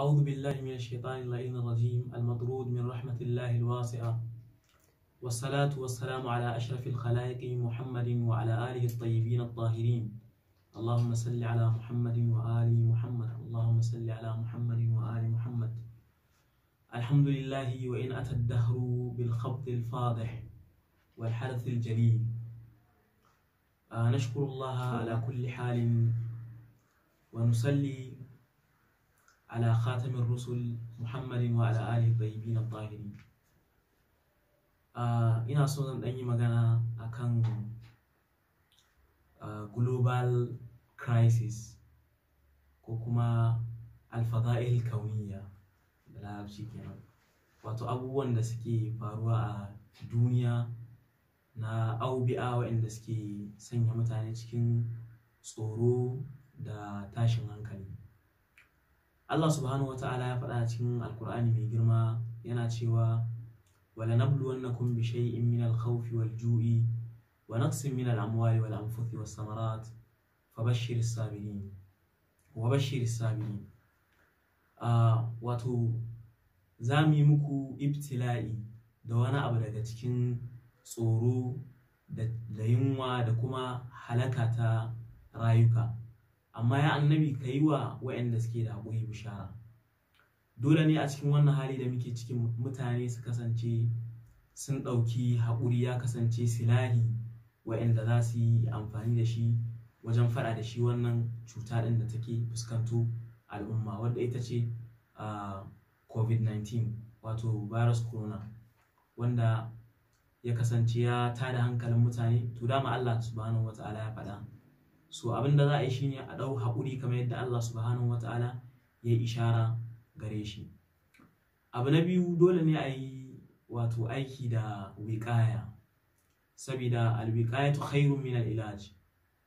أعوذ بالله من الشيطان اللعين الرجيم المطرود من رحمة الله الواسعة والصلاة والسلام على أشرف الخلائق محمد وعلى آله الطيبين الطاهرين اللهم صل على محمد وآل محمد اللهم صل على محمد وآل محمد الحمد لله وإن أتى الدهر بالخبط الفاضح والحدث الجليل آه، نشكر الله على كل حال ونصلي على خاتم الرسل محمد wa ala alihi tayyibin ina so zan dan yi magana akan global crisis ko kuma alfada'il kauniya da larabci kenan wato abubuwan da suke faruwa a duniya na aubi'a waɗanda suke sanya mutane cikin tsoro da tashin hankali Allah subhanahu wata'ala ya faɗa a cikin alkur'ani mai girma yana cewa wala nabluwannakum bi shay'in min al-khawfi wal ju'i wa naqsin min al-amwali wal anfusi was samarat fabashshir as-sabirin wa bashshir as-sabirin wato za mu yi muku ibtila'i da wani abu daga cikin tsoro da yunwa da kuma halaka ta rayuka amma ya annabi ka yi wa waɗanda suke da haƙuri bishara dole ne a cikin wannan hali da muke cikin mutane su kasance sun ɗauki haƙuri ya kasance silahi waɗanda za su yi amfani da shi wajen faɗa da shi wannan cuta ɗin da take fuskanto al'umma wadda ita ce covid-19 wato virus corona wanda ya kasance ya tada hankalin mutane to dama Allah subhanahu ta'ala ya faɗa so abin da za a yi shine a ɗau haƙuri kamar yadda Allah subhanahu wa ta'ala ya yi ishara gare shi abu na biyu dole ne a yi wato aiki da wiƙaya sabida ta khairu min ilaj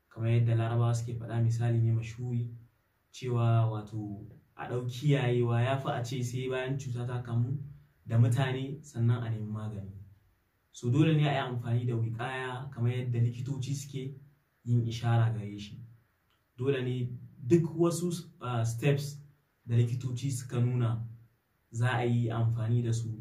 kamar yadda laraba suke faɗa misali ne mashuri cewa wato a ɗau kiyayewa ya fi a ce sai bayan cuta ta kamu da mutane sannan a nemi magani so dole ne a yi amfani da wiƙaya kamar yadda likitoci suke yin ishara gare shi dole ne duk wasu ah, steps da likitoci suka nuna za a yi amfani da su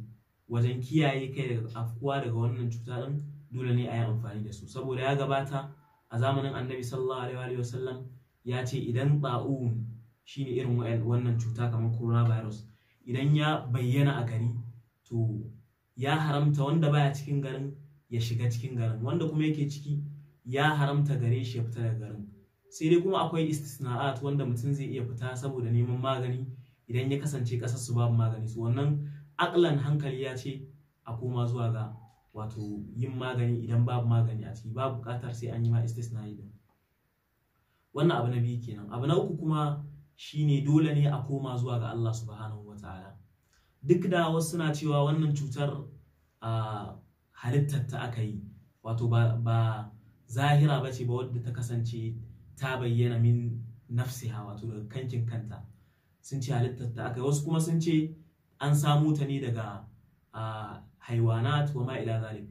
wajen kiyaye kai daga afkuwa daga wannan cuta ɗin dole ne a yi amfani da su saboda ya gabata a zamanin annabi sallallahu alaihi wa sallam ya ce idan ba'un shine irin wannan cuta kamar coronavirus idan ya bayyana a gari to ya haramta wanda baya cikin garin ya shiga cikin garin wanda kuma yake ciki ya haramta gare shi ya fita daga garin sai dai kuma akwai istisna'at wanda mutum zai iya fita saboda neman magani idan ya kasance kasar su babu magani su wannan aklan hankali ya ce a koma zuwa ga wato yin magani idan babu magani a ciki babu bukatar sai an yi ma istisna'i din wannan abu na biyu kenan abu na uku kuma shine dole ne a koma zuwa ga Allah subhanahu wataala duk da wasu suna cewa wannan cutar a ah, halittar ta aka yi wato ba zahira ba ce ba wadda ta kasance ta bayyana min nafsiha wato daga kankin kanta sun ce halittar ta aka wasu kuma sun ce an samu ta ne daga haiwanat wa ma ila zalik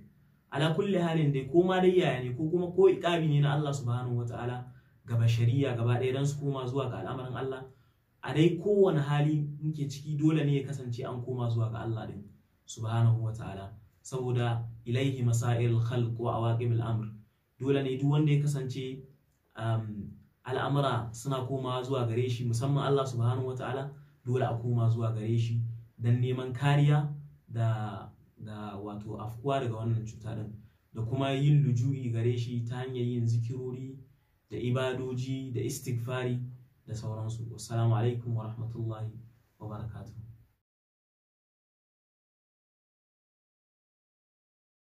ala kulli halin dai ko ma dai yaya ne ko kuma ko ikabi ne na Allah subhanahu ta'ala ga bashariya gaba ɗaya dan su koma zuwa ga al'amarin Allah a dai kowane hali muke ciki dole ne ya kasance an koma zuwa ga Allah din subhanahu ta'ala saboda ilaihi masail khalq wa awaqib al-amr dole ne duk wanda ya kasance um, al'amura suna komawa zuwa gare shi musamman Allah subhanahu Ta'ala dole a koma zuwa gare shi don neman kariya da wato afkuwa daga wannan cuta din da kuma yin luju'i gare shi ta hanyar yin zikirori da ibadoji da istighfari da sauransu assalamu alaikum wa rahmatullahi wa barakatuh